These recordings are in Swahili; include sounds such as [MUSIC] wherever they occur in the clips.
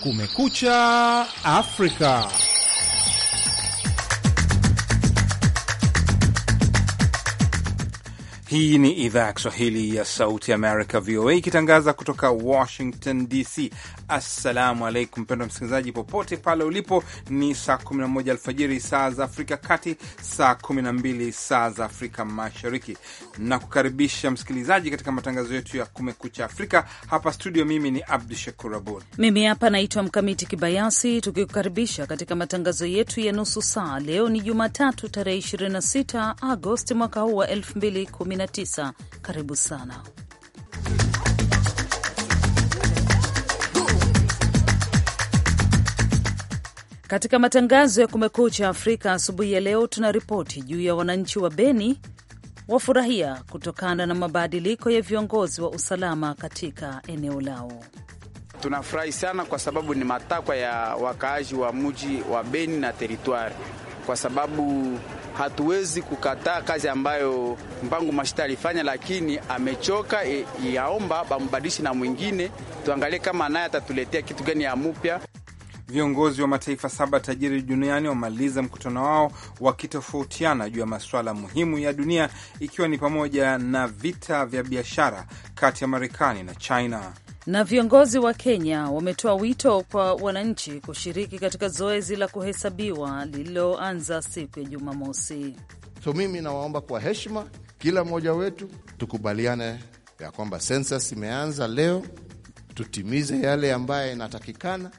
Kumekucha Afrika. Hii ni idhaa ya Kiswahili ya Sauti Amerika, VOA, ikitangaza kutoka Washington DC. Assalamu alaikum, mpendwa msikilizaji, popote pale ulipo. Ni saa 11 alfajiri saa za Afrika Kati, saa 12 saa za Afrika Mashariki, na kukaribisha msikilizaji katika matangazo yetu ya Kumekucha Afrika hapa studio. Mimi ni Abdu Shakur Abud, mimi hapa naitwa Mkamiti Kibayasi, tukikukaribisha katika matangazo yetu ya nusu saa. Leo ni Jumatatu, tarehe 26 Agosti mwaka huu wa 21 19. Karibu sana. Katika matangazo ya Kumekucha Afrika asubuhi ya leo, tuna ripoti juu ya wananchi wa Beni wafurahia kutokana na mabadiliko ya viongozi wa usalama katika eneo lao. Tunafurahi sana kwa sababu ni matakwa ya wakaaji wa mji wa Beni na teritwari kwa sababu hatuwezi kukataa kazi ambayo mpango mashita alifanya, lakini amechoka. E, yaomba bambadishi na mwingine, tuangalie kama naye atatuletea kitu gani ya mupya. Viongozi wa mataifa saba tajiri duniani wamaliza mkutano wao wakitofautiana juu ya masuala muhimu ya dunia, ikiwa ni pamoja na vita vya biashara kati ya Marekani na China. Na viongozi wa Kenya wametoa wito kwa wananchi kushiriki katika zoezi la kuhesabiwa lililoanza siku ya Jumamosi. So mimi nawaomba kwa heshima, kila mmoja wetu tukubaliane ya kwamba sensa imeanza leo, tutimize yale ambayo inatakikana.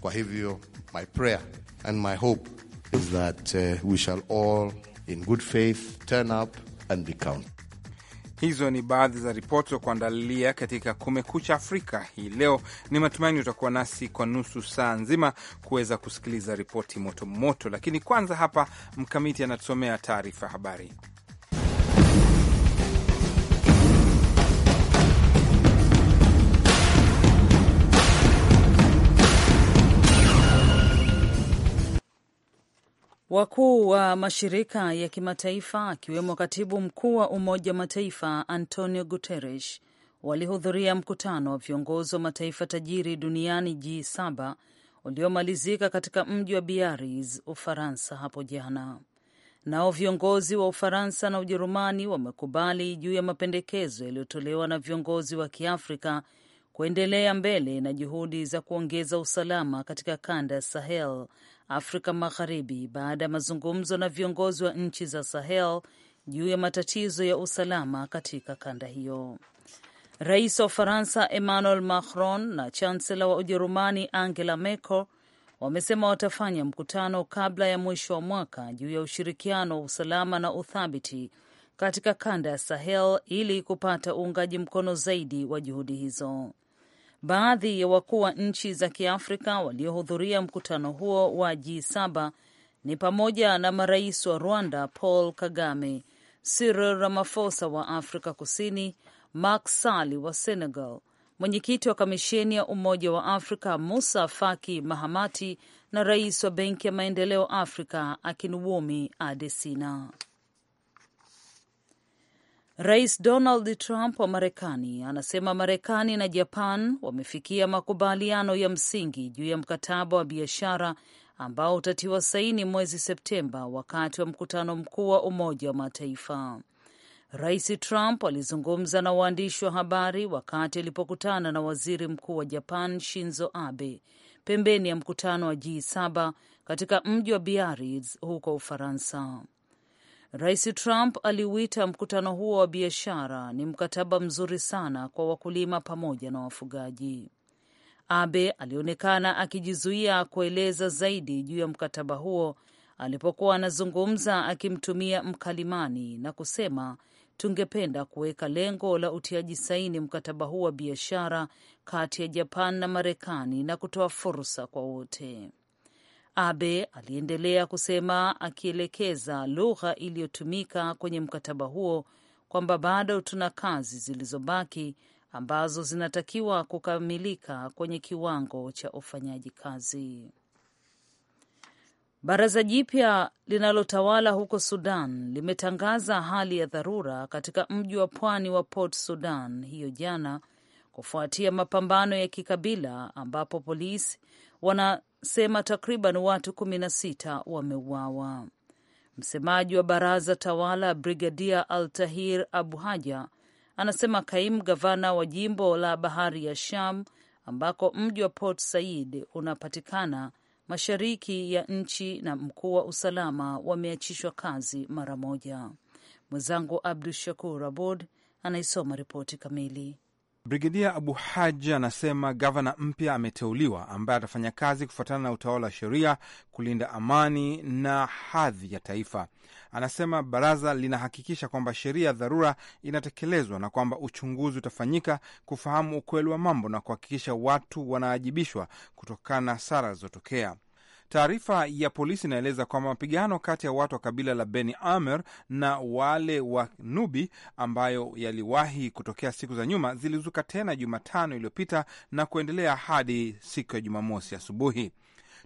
Kwa hivyo my prayer and my hope is that uh, we shall all in good faith turn up and be counted. Hizo ni baadhi za ripoti za kuandalia katika Kumekucha Afrika hii leo. Ni matumaini utakuwa nasi kwa nusu saa nzima kuweza kusikiliza ripoti moto moto lakini kwanza hapa Mkamiti anatusomea taarifa habari. Wakuu wa mashirika ya kimataifa akiwemo katibu mkuu wa Umoja wa Mataifa Antonio Guterres walihudhuria mkutano wa viongozi wa mataifa tajiri duniani G7 uliomalizika katika mji wa Biarritz, Ufaransa hapo jana. Nao viongozi wa Ufaransa na Ujerumani wamekubali juu ya mapendekezo yaliyotolewa na viongozi wa Kiafrika kuendelea mbele na juhudi za kuongeza usalama katika kanda ya Sahel Afrika Magharibi baada ya mazungumzo na viongozi wa nchi za Sahel juu ya matatizo ya usalama katika kanda hiyo. Rais wa Faransa Emmanuel Macron na chansela wa Ujerumani Angela Merkel wamesema watafanya mkutano kabla ya mwisho wa mwaka juu ya ushirikiano wa usalama na uthabiti katika kanda ya Sahel ili kupata uungaji mkono zaidi wa juhudi hizo. Baadhi ya wakuu wa nchi za Kiafrika waliohudhuria mkutano huo wa G7 ni pamoja na marais wa Rwanda Paul Kagame, Cyril Ramaphosa wa Afrika Kusini, Macky Sall wa Senegal, mwenyekiti wa kamisheni ya Umoja wa Afrika Musa Faki Mahamati na rais wa Benki ya Maendeleo Afrika Akinwumi Adesina. Rais Donald Trump wa Marekani anasema Marekani na Japan wamefikia makubaliano ya msingi juu ya mkataba wa biashara ambao utatiwa saini mwezi Septemba wakati wa mkutano mkuu wa Umoja wa Mataifa. Rais Trump alizungumza na waandishi wa habari wakati alipokutana na waziri mkuu wa Japan Shinzo Abe pembeni ya mkutano wa G7 katika mji wa Biarritz huko Ufaransa. Rais Trump aliuita mkutano huo wa biashara ni mkataba mzuri sana kwa wakulima pamoja na wafugaji. Abe alionekana akijizuia kueleza zaidi juu ya mkataba huo alipokuwa anazungumza akimtumia mkalimani na kusema, tungependa kuweka lengo la utiaji saini mkataba huu wa biashara kati ya Japan na Marekani na kutoa fursa kwa wote. Abe aliendelea kusema, akielekeza lugha iliyotumika kwenye mkataba huo kwamba bado tuna kazi zilizobaki ambazo zinatakiwa kukamilika kwenye kiwango cha ufanyaji kazi. Baraza jipya linalotawala huko Sudan limetangaza hali ya dharura katika mji wa pwani wa Port Sudan hiyo jana kufuatia mapambano ya kikabila ambapo polisi wana sema takriban watu kumi na sita wameuawa. Msemaji wa baraza tawala Brigadia Tahir Abu Haja anasema kaim gavana wa jimbo la bahari ya Sham ambako mji wa Port Said unapatikana mashariki ya nchi na mkuu wa usalama wameachishwa kazi mara moja. Mwenzangu Abdu Shakur Abud anaisoma ripoti kamili. Brigedia Abu Haji anasema gavana mpya ameteuliwa ambaye atafanya kazi kufuatana na utawala wa sheria, kulinda amani na hadhi ya taifa. Anasema baraza linahakikisha kwamba sheria ya dharura inatekelezwa na kwamba uchunguzi utafanyika kufahamu ukweli wa mambo na kuhakikisha watu wanaajibishwa kutokana na hasara zilizotokea. Taarifa ya polisi inaeleza kwamba mapigano kati ya watu wa kabila la Beni Amer na wale wa Nubi ambayo yaliwahi kutokea siku za nyuma zilizuka tena Jumatano iliyopita na kuendelea hadi siku ya Jumamosi asubuhi.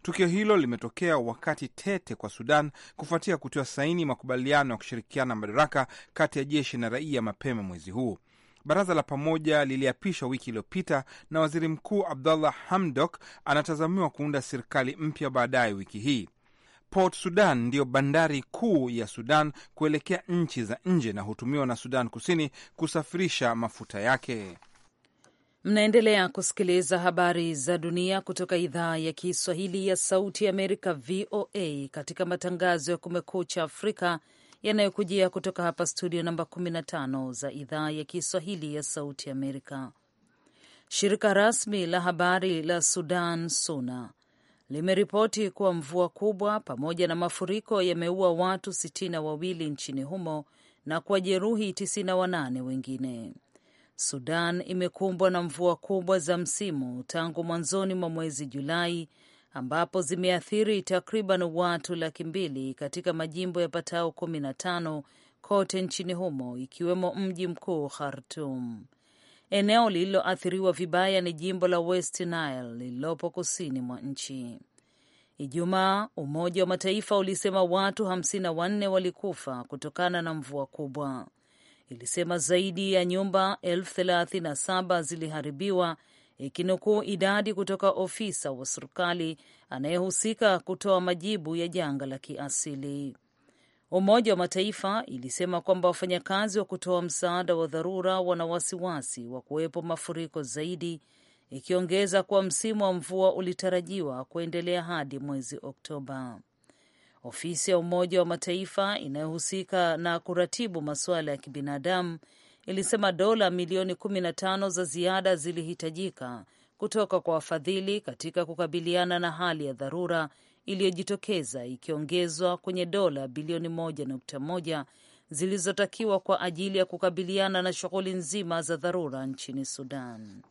Tukio hilo limetokea wakati tete kwa Sudan kufuatia kutiwa saini makubaliano ya kushirikiana madaraka kati ya jeshi na raia mapema mwezi huu. Baraza la pamoja liliapishwa wiki iliyopita na waziri mkuu Abdallah Hamdok anatazamiwa kuunda serikali mpya baadaye wiki hii. Port Sudan ndiyo bandari kuu ya Sudan kuelekea nchi za nje na hutumiwa na Sudan Kusini kusafirisha mafuta yake. Mnaendelea kusikiliza habari za dunia kutoka idhaa ya Kiswahili ya Sauti ya Amerika, VOA, katika matangazo ya Kumekucha Afrika yanayokujia kutoka hapa studio namba 15 za idhaa ya Kiswahili ya Sauti Amerika. Shirika rasmi la habari la Sudan SUNA limeripoti kuwa mvua kubwa pamoja na mafuriko yameua watu sitini na wawili nchini humo na kuwajeruhi tisini na wanane wengine. Sudan imekumbwa na mvua kubwa za msimu tangu mwanzoni mwa mwezi Julai ambapo zimeathiri takriban watu laki mbili katika majimbo patao kumi na tano kote nchini humo ikiwemo mji mkuu Khartum. Eneo lililoathiriwa vibaya ni jimbo la West Nile lililopo kusini mwa nchi. Ijumaa, Umoja wa Mataifa ulisema watu hamsini na wanne walikufa kutokana na mvua kubwa. Ilisema zaidi ya nyumba elfu thelathini na saba ziliharibiwa ikinukuu idadi kutoka ofisa wa serikali anayehusika kutoa majibu ya janga la kiasili. Umoja wa Mataifa ilisema kwamba wafanyakazi wa kutoa msaada wa dharura wana wasiwasi wa kuwepo mafuriko zaidi, ikiongeza kuwa msimu wa mvua ulitarajiwa kuendelea hadi mwezi Oktoba. Ofisi ya Umoja wa Mataifa inayohusika na kuratibu masuala ya kibinadamu ilisema dola milioni 15 za ziada zilihitajika kutoka kwa wafadhili katika kukabiliana na hali ya dharura iliyojitokeza ikiongezwa kwenye dola bilioni 1.1 zilizotakiwa kwa ajili ya kukabiliana na shughuli nzima za dharura nchini Sudan.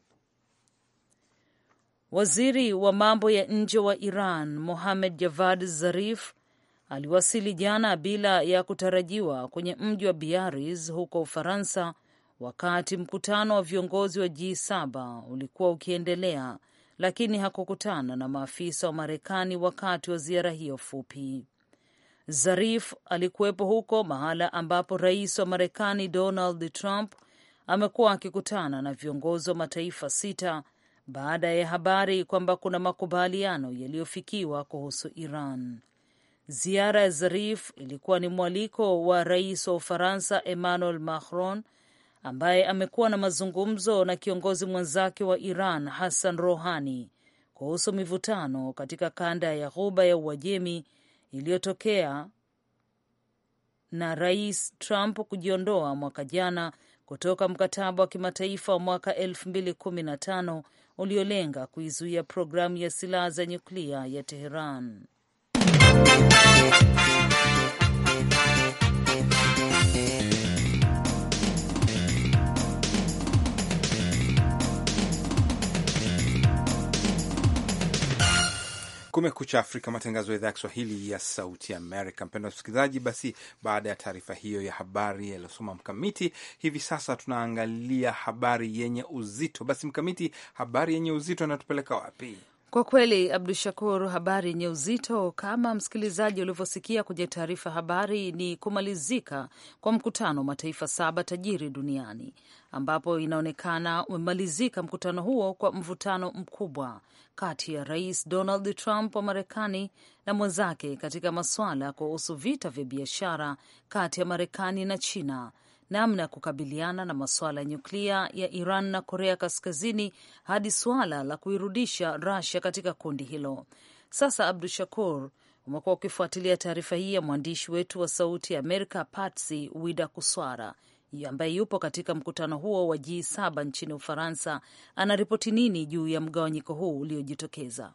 Waziri wa mambo ya nje wa Iran Mohamed Javad Zarif aliwasili jana bila ya kutarajiwa kwenye mji wa Biarritz huko Ufaransa wakati mkutano wa viongozi wa G7 ulikuwa ukiendelea, lakini hakukutana na maafisa wa Marekani wakati wa ziara hiyo fupi. Zarif alikuwepo huko, mahala ambapo rais wa Marekani Donald Trump amekuwa akikutana na viongozi wa mataifa sita baada ya habari kwamba kuna makubaliano yaliyofikiwa kuhusu Iran. Ziara ya Zarif ilikuwa ni mwaliko wa rais wa Ufaransa Emmanuel Macron ambaye amekuwa na mazungumzo na kiongozi mwenzake wa Iran Hassan rohani kuhusu mivutano katika kanda ya Ghuba ya Uajemi iliyotokea na Rais Trump kujiondoa mwaka jana kutoka mkataba wa kimataifa wa mwaka 2015 uliolenga kuizuia programu ya silaha za nyuklia ya Teheran. Kumekucha Afrika, matangazo ya idhaa ya Kiswahili ya Sauti Amerika. Mpendwa msikilizaji, basi baada ya taarifa hiyo ya habari yaliyosoma Mkamiti, hivi sasa tunaangalia habari yenye uzito. Basi Mkamiti, habari yenye uzito inatupeleka wapi? Kwa kweli Abdu Shakur, habari yenye uzito kama msikilizaji ulivyosikia kwenye taarifa habari ni kumalizika kwa mkutano wa mataifa saba tajiri duniani ambapo inaonekana umemalizika mkutano huo kwa mvutano mkubwa kati ya Rais Donald Trump wa Marekani na mwenzake katika masuala kuhusu vita vya biashara kati ya Marekani na China, namna ya kukabiliana na masuala ya nyuklia ya Iran na Korea Kaskazini, hadi suala la kuirudisha rasia katika kundi hilo. Sasa Abdu Shakur, umekuwa ukifuatilia taarifa hii ya mwandishi wetu wa Sauti ya Amerika patsi Wida Kuswara ambaye yupo katika mkutano huo wa G7 nchini Ufaransa anaripoti nini juu ya mgawanyiko huu uliojitokeza?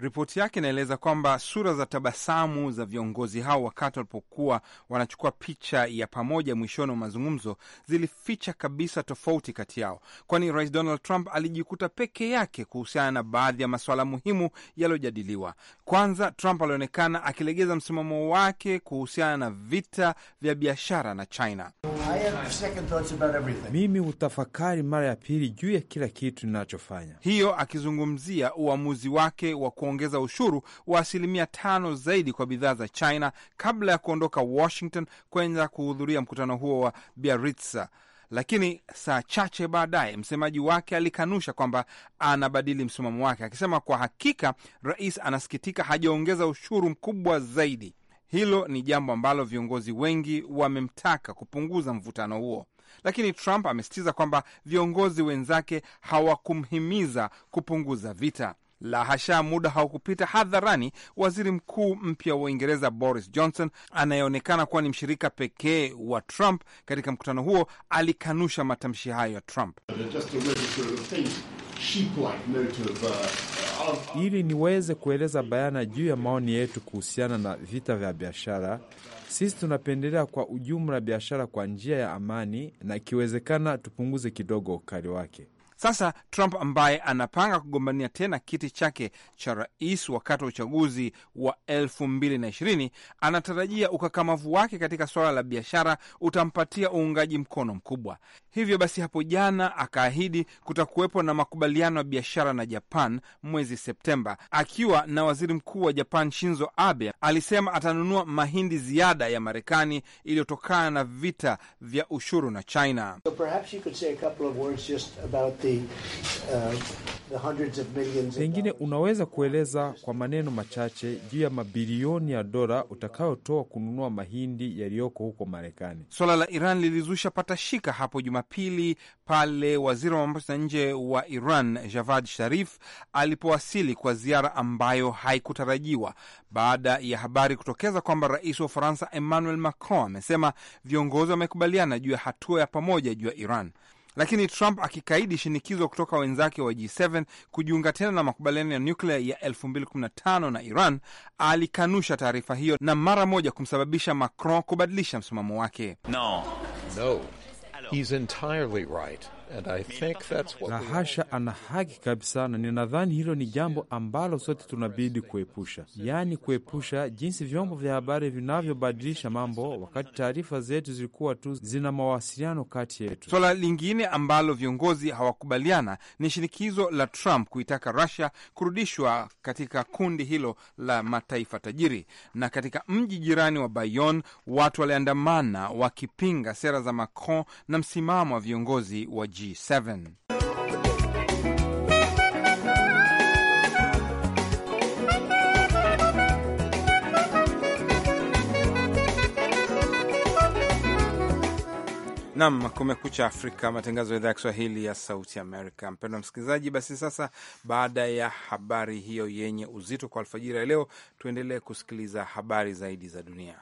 Ripoti yake inaeleza kwamba sura za tabasamu za viongozi hao wakati walipokuwa wanachukua picha ya pamoja mwishoni wa mazungumzo zilificha kabisa tofauti kati yao, kwani Rais Donald Trump alijikuta peke yake kuhusiana na baadhi ya masuala muhimu yaliyojadiliwa. Kwanza, Trump alionekana akilegeza msimamo wake kuhusiana na vita vya biashara na China. Mimi hutafakari mara ya pili juu ya kila kitu ninachofanya, hiyo akizungumzia uamuzi wake wa kuongeza ushuru wa asilimia tano zaidi kwa bidhaa za China kabla ya kuondoka Washington kwenda kuhudhuria mkutano huo wa Biarritz. Lakini saa chache baadaye msemaji wake alikanusha kwamba anabadili msimamo wake, akisema kwa hakika rais anasikitika hajaongeza ushuru mkubwa zaidi. Hilo ni jambo ambalo viongozi wengi wamemtaka kupunguza mvutano huo, lakini Trump amesisitiza kwamba viongozi wenzake hawakumhimiza kupunguza vita. La hasha, muda haukupita hadharani, waziri mkuu mpya wa Uingereza Boris Johnson anayeonekana kuwa ni mshirika pekee wa Trump katika mkutano huo alikanusha matamshi hayo ya Trump. Ili niweze kueleza bayana juu ya maoni yetu kuhusiana na vita vya biashara, sisi tunapendelea kwa ujumla biashara kwa njia ya amani, na ikiwezekana tupunguze kidogo ukali wake. Sasa Trump ambaye anapanga kugombania tena kiti chake cha rais wakati wa uchaguzi wa ishirini anatarajia ukakamavu wake katika suala la biashara utampatia uungaji mkono mkubwa. Hivyo basi, hapo jana akaahidi kutakuwepo na makubaliano ya biashara na Japan mwezi Septemba. Akiwa na waziri mkuu wa Japan Shinzo Abe, alisema atanunua mahindi ziada ya Marekani iliyotokana na vita vya ushuru na China. So the, uh, the hundreds of millions. Pengine unaweza kueleza kwa maneno machache juu ya mabilioni ya dola utakayotoa kununua mahindi yaliyoko huko Marekani. Suala la Iran lilizusha patashika hapo Jumapili pale waziri wa mambo ya nje wa Iran Javad Sharif alipowasili kwa ziara ambayo haikutarajiwa baada ya habari kutokeza kwamba rais wa Ufaransa Emmanuel Macron amesema viongozi wamekubaliana juu ya hatua ya pamoja juu ya Iran lakini Trump akikaidi shinikizo kutoka wenzake wa G7 kujiunga tena na makubaliano ya nyuklia ya 2015 na Iran, alikanusha taarifa hiyo na mara moja kumsababisha Macron kubadilisha msimamo wake. No. No. He's entirely right. La hasha, ana haki kabisa, na ninadhani hilo ni jambo ambalo sote tunabidi kuepusha, yaani kuepusha jinsi vyombo vya habari vinavyobadilisha mambo, wakati taarifa zetu zilikuwa tu zina mawasiliano kati yetu. Swala lingine ambalo viongozi hawakubaliana ni shinikizo la Trump kuitaka Russia kurudishwa katika kundi hilo la mataifa tajiri. Na katika mji jirani wa Bayonne watu waliandamana wakipinga sera za Macron na msimamo wa viongozi wa G7. Nam, Kumekucha Afrika, matangazo ya idhaa ya Kiswahili ya Sauti Amerika. Mpendwa msikilizaji, basi sasa, baada ya habari hiyo yenye uzito kwa alfajiri ya leo, tuendelee kusikiliza habari zaidi za dunia.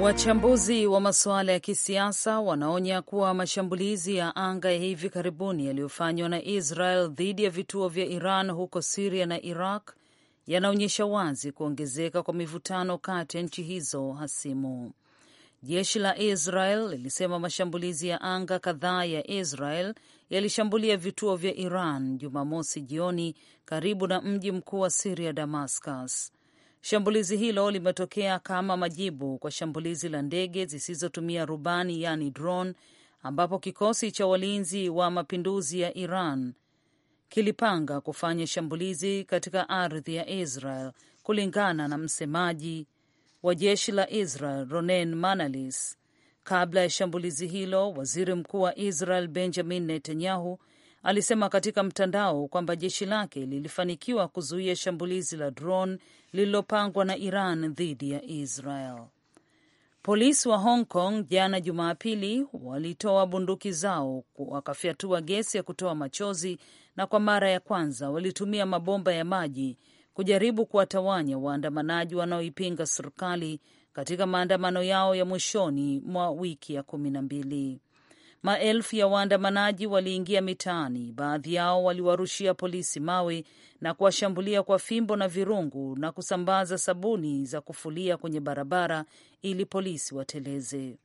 Wachambuzi wa masuala ya kisiasa wanaonya kuwa mashambulizi ya anga ya hivi karibuni yaliyofanywa na Israel dhidi ya vituo vya Iran huko Siria na Iraq yanaonyesha wazi kuongezeka kwa mivutano kati ya nchi hizo hasimu. Jeshi la Israel lilisema mashambulizi ya anga kadhaa ya Israel yalishambulia vituo vya Iran Jumamosi jioni karibu na mji mkuu wa Siria, Damascus. Shambulizi hilo limetokea kama majibu kwa shambulizi la ndege zisizotumia rubani, yaani drone, ambapo kikosi cha walinzi wa mapinduzi ya Iran kilipanga kufanya shambulizi katika ardhi ya Israel, kulingana na msemaji wa jeshi la Israel Ronen Manalis. Kabla ya shambulizi hilo, waziri mkuu wa Israel Benjamin Netanyahu alisema katika mtandao kwamba jeshi lake lilifanikiwa kuzuia shambulizi la drone lililopangwa na Iran dhidi ya Israel. Polisi wa Hong Kong jana Jumapili walitoa bunduki zao wakafyatua gesi ya kutoa machozi, na kwa mara ya kwanza walitumia mabomba ya maji kujaribu kuwatawanya waandamanaji wanaoipinga serikali katika maandamano yao ya mwishoni mwa wiki ya kumi na mbili. Maelfu ya waandamanaji waliingia mitaani, baadhi yao waliwarushia polisi mawe na kuwashambulia kwa fimbo na virungu na kusambaza sabuni za kufulia kwenye barabara ili polisi wateleze.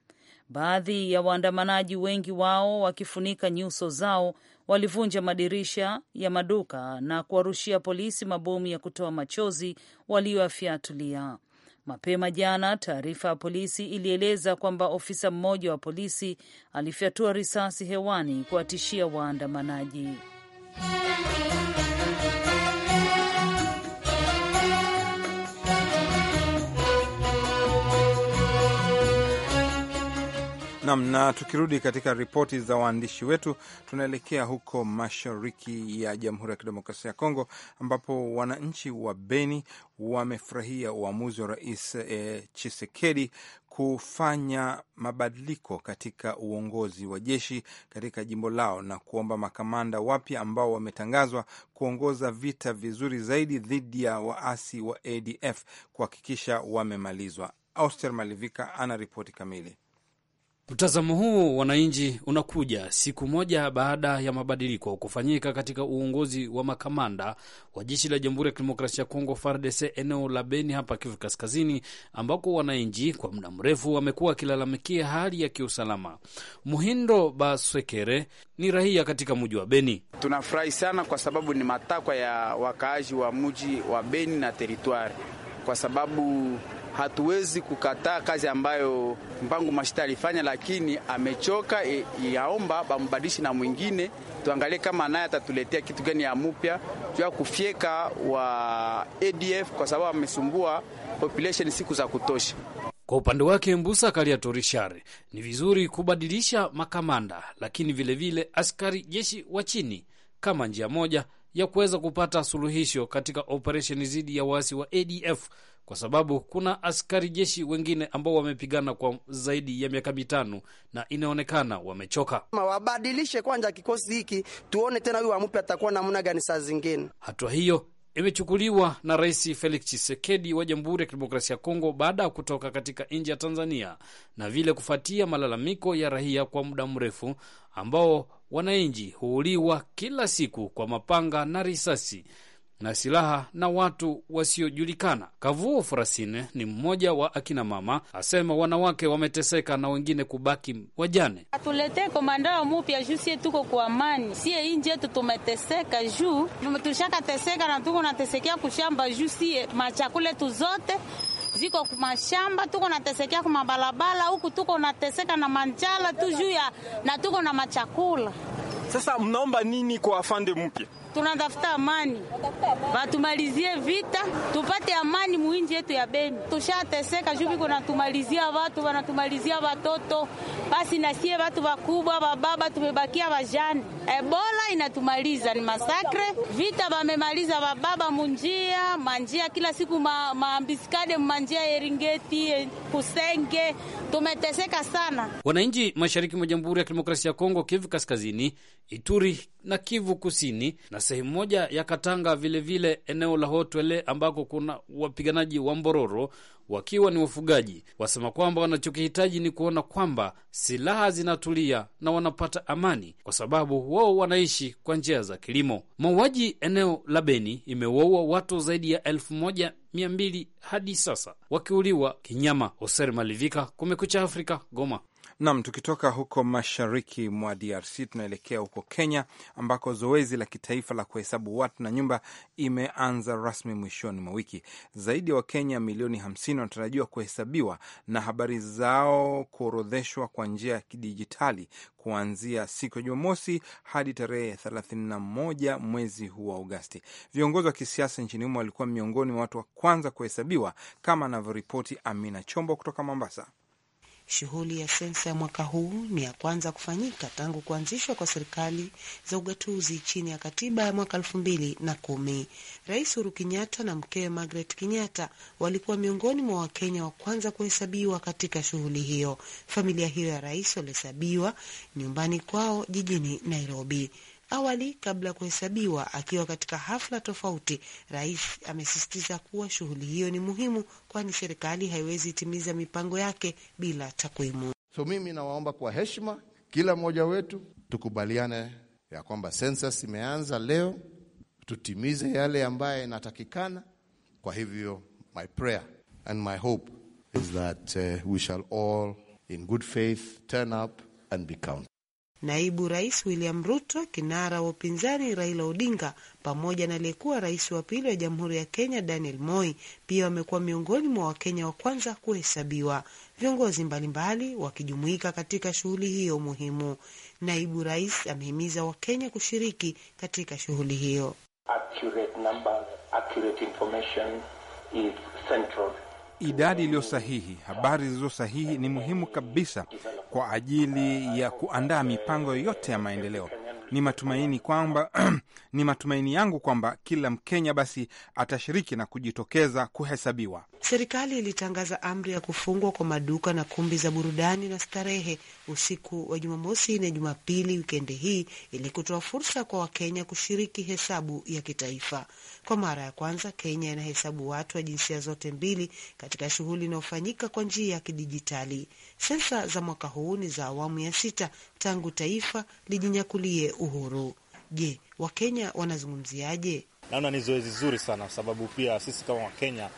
Baadhi ya waandamanaji, wengi wao wakifunika nyuso zao, walivunja madirisha ya maduka na kuwarushia polisi mabomu ya kutoa machozi walioyafyatulia. Mapema jana, taarifa ya polisi ilieleza kwamba ofisa mmoja wa polisi alifyatua risasi hewani kuwatishia waandamanaji. Nam na tukirudi katika ripoti za waandishi wetu, tunaelekea huko mashariki ya Jamhuri ya Kidemokrasia ya Kongo ambapo wananchi wa Beni wamefurahia uamuzi wa Rais e, eh, Chisekedi kufanya mabadiliko katika uongozi wa jeshi katika jimbo lao na kuomba makamanda wapya ambao wametangazwa kuongoza vita vizuri zaidi dhidi ya waasi wa ADF kuhakikisha wamemalizwa. Auster Malivika ana ripoti kamili. Mtazamo huu wananchi unakuja siku moja baada ya mabadiliko kufanyika katika uongozi wa makamanda wa jeshi la Jamhuri ya Kidemokrasia ya Kongo, FARDC, eneo la Beni hapa Kivu Kaskazini, ambako wananchi kwa muda mrefu wamekuwa wakilalamikia hali ya kiusalama. Muhindo Baswekere ni raia katika mji wa Beni. Tunafurahi sana kwa sababu ni matakwa ya wakaaji wa mji wa Beni na teritwari kwa sababu hatuwezi kukataa kazi ambayo mpango mashita alifanya, lakini amechoka e, yaomba bambadishi na mwingine, tuangalie kama naye atatuletea kitu gani ya mupya ya kufyeka wa ADF kwa sababu amesumbua population siku za kutosha. Kwa upande wake Mbusa Kalia Torishare, ni vizuri kubadilisha makamanda, lakini vilevile vile askari jeshi wa chini kama njia moja ya kuweza kupata suluhisho katika operesheni dhidi ya waasi wa ADF kwa sababu kuna askari jeshi wengine ambao wamepigana kwa zaidi ya miaka mitano na inaonekana wamechoka. Wabadilishe kwanza kikosi hiki, tuone tena huyu amupe atakuwa namna gani saa zingine. Hatua hiyo imechukuliwa na Rais Felix chisekedi wa Jamhuri ya Kidemokrasia ya Kongo baada ya kutoka katika nchi ya Tanzania, na vile kufuatia malalamiko ya raia kwa muda mrefu ambao wananchi huuliwa kila siku kwa mapanga na risasi na silaha na watu wasiojulikana. Kavuo Furasine ni mmoja wa akina mama, asema wanawake wameteseka na wengine kubaki wajane. Atuletee wa mupya juu sie tuko kwa amani, sie inji yetu tumeteseka, juu tushakateseka na tuko natesekea kushamba juu sie machakule tu zote ziko kumashamba, tuko natesekea kumabalabala huku, tuko nateseka na manjala tu juu ya na tuko na machakula. Sasa mnaomba nini kwa afande mpya? tunatafuta amani, batumalizie vita, tupate amani muinji yetu ya Beni. Tushateseka juu viko natumalizia vatu, wanatumalizia watoto, basi nasie watu wakubwa wababa, tumebakia wajani. Ebola inatumaliza ni masakre, vita wamemaliza wababa munjia manjia, kila siku ma, maambisikade manjia Eringeti Kusenge, tumeteseka sana. Wananchi mashariki mwa Jamhuri ya Kidemokrasia ya Kongo, Kivu Kaskazini, Ituri na Kivu Kusini na sehemu moja ya Katanga, vilevile vile eneo la Hotwele ambako kuna wapiganaji wa Mbororo wakiwa ni wafugaji, wasema kwamba wanachokihitaji ni kuona kwamba silaha zinatulia na wanapata amani, kwa sababu wao wanaishi kwa njia za kilimo. Mauaji eneo la Beni imewaua watu zaidi ya elfu moja mia mbili hadi sasa, wakiuliwa kinyama. Hoser Malivika, Kumekucha Afrika, Goma. Nam, tukitoka huko mashariki mwa DRC tunaelekea huko Kenya, ambako zoezi la kitaifa la kuhesabu watu na nyumba imeanza rasmi mwishoni mwa wiki. Zaidi ya wa Wakenya milioni 50 wanatarajiwa kuhesabiwa na habari zao kuorodheshwa kwa njia ya kidijitali kuanzia siku ya Jumamosi hadi tarehe 31 mwezi huu wa Agosti. Viongozi wa kisiasa nchini humo walikuwa miongoni mwa watu wa kwanza kuhesabiwa, kama anavyoripoti Amina Chombo kutoka Mombasa. Shughuli ya sensa ya mwaka huu ni ya kwanza kufanyika tangu kuanzishwa kwa serikali za ugatuzi chini ya katiba ya mwaka elfu mbili na kumi. Rais Uhuru Kenyatta na mkewe Margaret Kenyatta walikuwa miongoni mwa Wakenya wa kwanza kuhesabiwa katika shughuli hiyo. Familia hiyo ya rais walihesabiwa nyumbani kwao jijini Nairobi. Awali, kabla ya kuhesabiwa, akiwa katika hafla tofauti, rais amesisitiza kuwa shughuli hiyo ni muhimu, kwani serikali haiwezi itimiza mipango yake bila takwimu. So mimi nawaomba kwa heshima, kila mmoja wetu tukubaliane ya kwamba sensa imeanza leo, tutimize yale ambayo inatakikana. Kwa hivyo my prayer and my hope is that uh, we shall all in good faith turn up and be counted naibu rais William Ruto, kinara wa upinzani Raila Odinga pamoja na aliyekuwa rais wa pili wa Jamhuri ya Kenya Daniel Moi pia wamekuwa miongoni mwa Wakenya wa kwanza kuhesabiwa. Viongozi mbalimbali wakijumuika katika shughuli hiyo muhimu. Naibu rais amehimiza Wakenya kushiriki katika shughuli hiyo. Accurate numbers, accurate information is central idadi iliyo sahihi, habari zilizo sahihi ni muhimu kabisa kwa ajili ya kuandaa mipango yoyote ya maendeleo. Ni matumaini kwamba [CLEARS THROAT] ni matumaini yangu kwamba kila Mkenya basi atashiriki na kujitokeza kuhesabiwa. Serikali ilitangaza amri ya kufungwa kwa maduka na kumbi za burudani na starehe usiku wa Jumamosi na Jumapili wikendi hii ili kutoa fursa kwa Wakenya kushiriki hesabu ya kitaifa. Kwa mara ya kwanza, Kenya inahesabu watu wa jinsia zote mbili katika shughuli inayofanyika kwa njia ya kidijitali. Sensa za mwaka huu ni za awamu ya sita tangu taifa lijinyakulie uhuru. Je, Wakenya wanazungumziaje? Naona ni zoezi zuri sana, sababu pia sisi kama Wakenya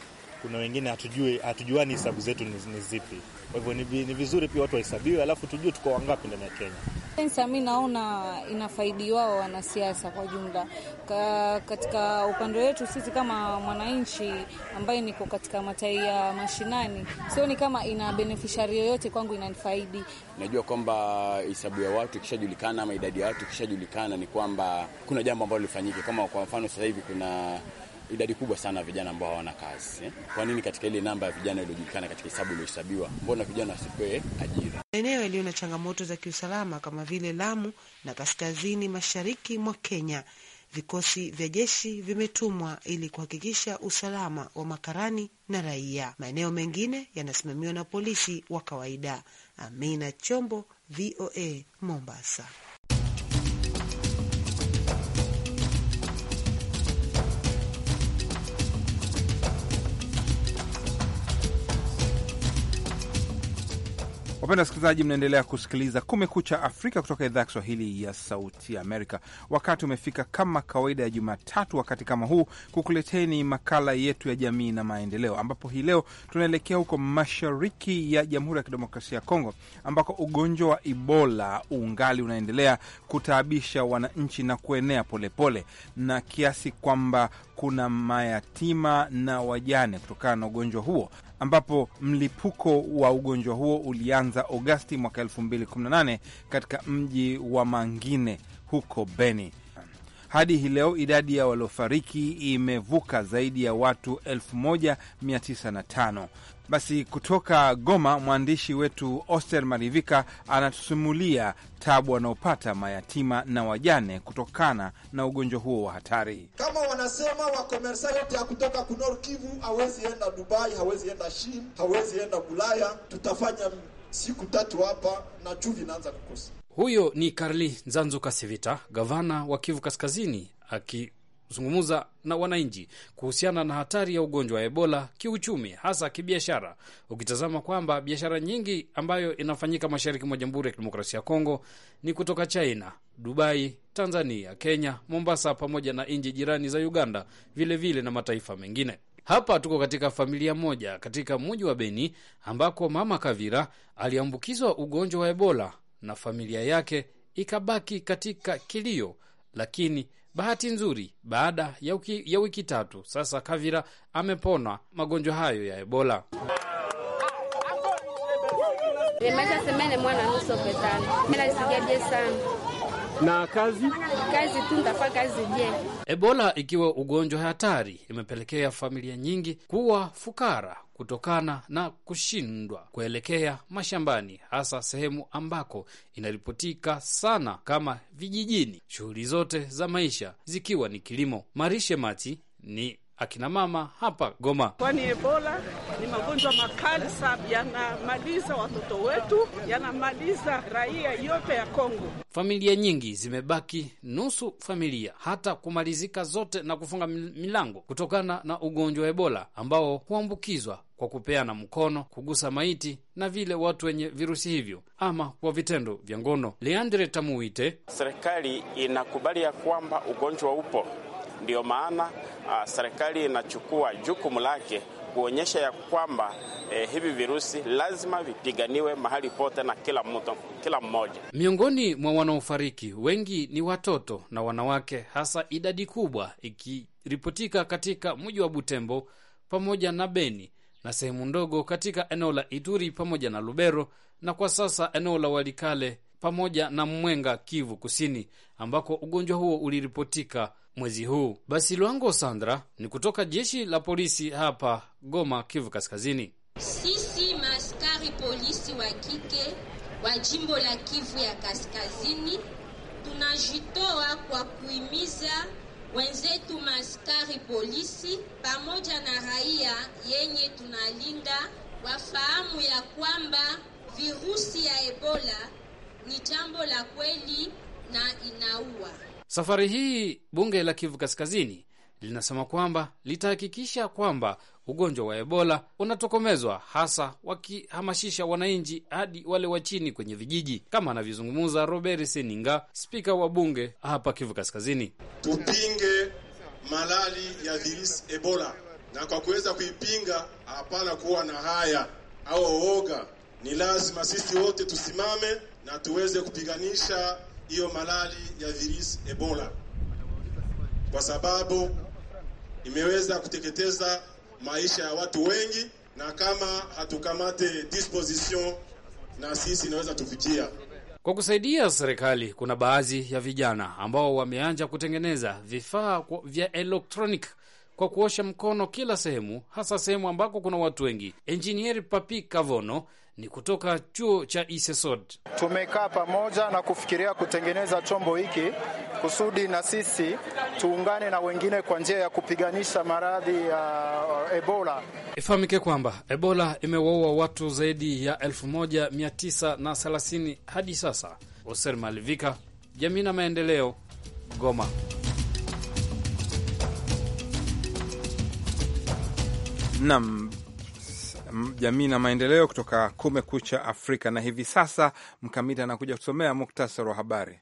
kuna wengine hatujui, hatujuani hesabu zetu ni zipi. Kwa hivyo ni vizuri pia watu wahesabiwe, alafu tujue tuko wangapi ndani ya Kenya. Sensa mi naona inafaidi wao wanasiasa kwa jumla. Ka, katika upande wetu sisi kama mwananchi ambaye niko katika matai ya mashinani, sioni kama ina beneficiary yoyote kwangu, inanifaidi. Najua kwamba hesabu ya watu ikishajulikana ama idadi ya watu ikishajulikana, ni kwamba kuna jambo ambalo lifanyike, kama kwa mfano sasa hivi kuna idadi kubwa sana ya vijana ambao hawana kazi eh? Kwa nini katika ile namba ya vijana iliyojulikana katika hesabu iliyohesabiwa, mbona vijana wasipewe ajira? Maeneo yaliyo na changamoto za kiusalama kama vile Lamu na kaskazini mashariki mwa Kenya, vikosi vya jeshi vimetumwa ili kuhakikisha usalama wa makarani na raia. Maeneo mengine yanasimamiwa na polisi wa kawaida. Amina Chombo, VOA, Mombasa. Wapenda wasikilizaji, mnaendelea kusikiliza Kumekucha Afrika kutoka idhaa ya Kiswahili ya Sauti ya Amerika. Wakati umefika kama kawaida ya Jumatatu, wakati kama huu, kukuleteni makala yetu ya jamii na maendeleo, ambapo hii leo tunaelekea huko mashariki ya Jamhuri ya Kidemokrasia ya Kongo, ambako ugonjwa wa Ebola ungali unaendelea kutaabisha wananchi na kuenea polepole pole, na kiasi kwamba kuna mayatima na wajane kutokana na ugonjwa huo, ambapo mlipuko wa ugonjwa huo ulianza Agosti mwaka 2018 katika mji wa Mangine huko Beni. Hadi hii leo idadi ya waliofariki imevuka zaidi ya watu 1905. Basi kutoka Goma, mwandishi wetu Oster Marivika anatusimulia tabu wanaopata mayatima na wajane kutokana na ugonjwa huo wa hatari. Kama wanasema wakomersa yote ya kutoka kunor Kivu hawezi enda Dubai, hawezi enda Shin, hawezi enda Bulaya, tutafanya siku tatu hapa na chuvi inaanza kukosa. Huyo ni Karli Nzanzu Kasivita, gavana wa Kivu Kaskazini aki kuzungumza na wananchi kuhusiana na hatari ya ugonjwa wa Ebola kiuchumi, hasa kibiashara, ukitazama kwamba biashara nyingi ambayo inafanyika mashariki mwa Jamhuri ya Kidemokrasia ya Kongo ni kutoka China, Dubai, Tanzania, Kenya, Mombasa, pamoja na nchi jirani za Uganda vilevile vile na mataifa mengine. Hapa tuko katika familia moja katika mji wa Beni ambako mama Kavira aliambukizwa ugonjwa wa Ebola na familia yake ikabaki katika kilio, lakini Bahati nzuri, baada ya wiki, ya wiki tatu sasa Kavira amepona magonjwa hayo ya Ebola. Eh, na kazi kazi tu ndafa kazi je. Ebola ikiwa ugonjwa hatari, imepelekea familia nyingi kuwa fukara kutokana na kushindwa kuelekea mashambani, hasa sehemu ambako inaripotika sana kama vijijini, shughuli zote za maisha zikiwa ni kilimo. Marishe Mati ni akina mama hapa Goma, kwani Ebola ni magonjwa makali sana, yanamaliza watoto wetu, yanamaliza raia yote ya Kongo. Familia nyingi zimebaki nusu familia, hata kumalizika zote na kufunga milango kutokana na ugonjwa wa Ebola ambao huambukizwa kwa kupeana mkono, kugusa maiti na vile watu wenye virusi hivyo, ama kwa vitendo vya ngono. Leandre Tamuite: serikali inakubali ya kwamba ugonjwa upo Ndiyo maana uh, serikali inachukua jukumu lake kuonyesha ya kwamba eh, hivi virusi lazima vipiganiwe mahali pote na kila mtu, kila mmoja. Miongoni mwa wanaofariki wengi ni watoto na wanawake, hasa idadi kubwa ikiripotika katika mji wa Butembo pamoja na Beni na sehemu ndogo katika eneo la Ituri pamoja na Lubero na kwa sasa eneo la Walikale pamoja na Mwenga, Kivu Kusini, ambako ugonjwa huo uliripotika mwezi huu. Basi Lwango Sandra ni kutoka jeshi la polisi hapa Goma, Kivu Kaskazini. Sisi maaskari polisi wa kike wa jimbo la Kivu ya Kaskazini tunajitoa kwa kuhimiza wenzetu maaskari polisi pamoja na raia yenye tunalinda wafahamu ya kwamba virusi ya Ebola ni jambo la kweli na inaua. Safari hii bunge la Kivu Kaskazini linasema kwamba litahakikisha kwamba ugonjwa wa Ebola unatokomezwa, hasa wakihamasisha wananchi hadi wale wa chini kwenye vijiji, kama anavyozungumza Robert Seninga, spika wa bunge hapa Kivu Kaskazini. Tupinge malali ya virusi Ebola, na kwa kuweza kuipinga, hapana kuwa na haya au oga. Ni lazima sisi wote tusimame na tuweze kupiganisha hiyo malali ya virusi Ebola kwa sababu imeweza kuteketeza maisha ya watu wengi, na kama hatukamate disposition, na sisi inaweza tufikia. Kwa kusaidia serikali, kuna baadhi ya vijana ambao wameanza kutengeneza vifaa vya electronic kwa kuosha mkono kila sehemu, hasa sehemu ambako kuna watu wengi. Enjinieri Papi Kavono ni kutoka chuo cha Isesod. Tumekaa pamoja na kufikiria kutengeneza chombo hiki kusudi na sisi tuungane na wengine kwa njia ya kupiganisha maradhi ya uh, Ebola. Ifahamike kwamba Ebola imewaua watu zaidi ya 1930 hadi sasa. Oser Malivika, Jamii na Maendeleo, Goma. nam jamii na maendeleo kutoka Kumekucha Afrika. Na hivi sasa Mkamiti anakuja kusomea muktasari wa habari.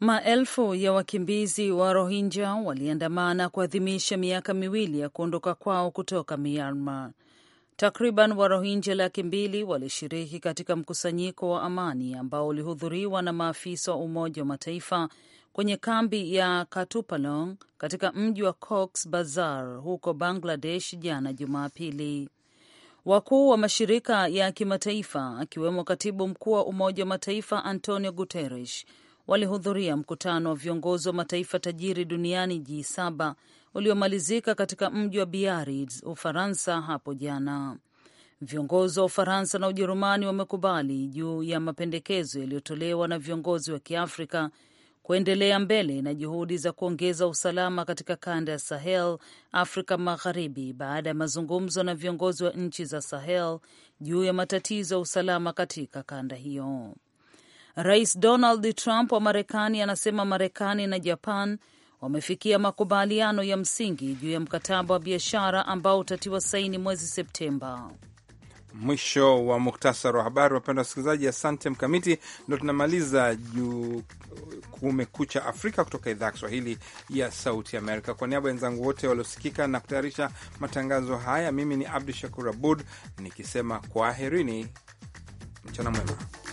Maelfu ya wakimbizi wa Rohingya waliandamana kuadhimisha miaka miwili ya kuondoka kwao kutoka Myanmar. Takriban Warohinja laki mbili walishiriki katika mkusanyiko wa amani ambao ulihudhuriwa na maafisa wa Umoja wa Mataifa kwenye kambi ya Katupalong katika mji wa Cox Bazar huko Bangladesh jana Jumapili. Wakuu wa mashirika ya kimataifa akiwemo katibu mkuu wa Umoja wa Mataifa Antonio Guterres walihudhuria mkutano wa viongozi wa mataifa tajiri duniani G7 uliomalizika katika mji wa Biarritz, Ufaransa hapo jana. Viongozi wa Ufaransa na Ujerumani wamekubali juu ya mapendekezo yaliyotolewa na viongozi wa Kiafrika kuendelea mbele na juhudi za kuongeza usalama katika kanda ya Sahel Afrika Magharibi, baada ya mazungumzo na viongozi wa nchi za Sahel juu ya matatizo ya usalama katika kanda hiyo. Rais Donald Trump wa Marekani anasema Marekani na Japan wamefikia makubaliano ya msingi juu ya mkataba wa biashara ambao utatiwa saini mwezi Septemba. Mwisho wa muktasari wa habari. Wapenda wasikilizaji, asante Mkamiti. Ndo tunamaliza juu Kumekucha Afrika kutoka idhaa ya Kiswahili ya Sauti Amerika. Kwa niaba ya wenzangu wote waliosikika na kutayarisha matangazo haya, mimi ni Abdu Shakur Abud nikisema kwaherini, mchana mwema.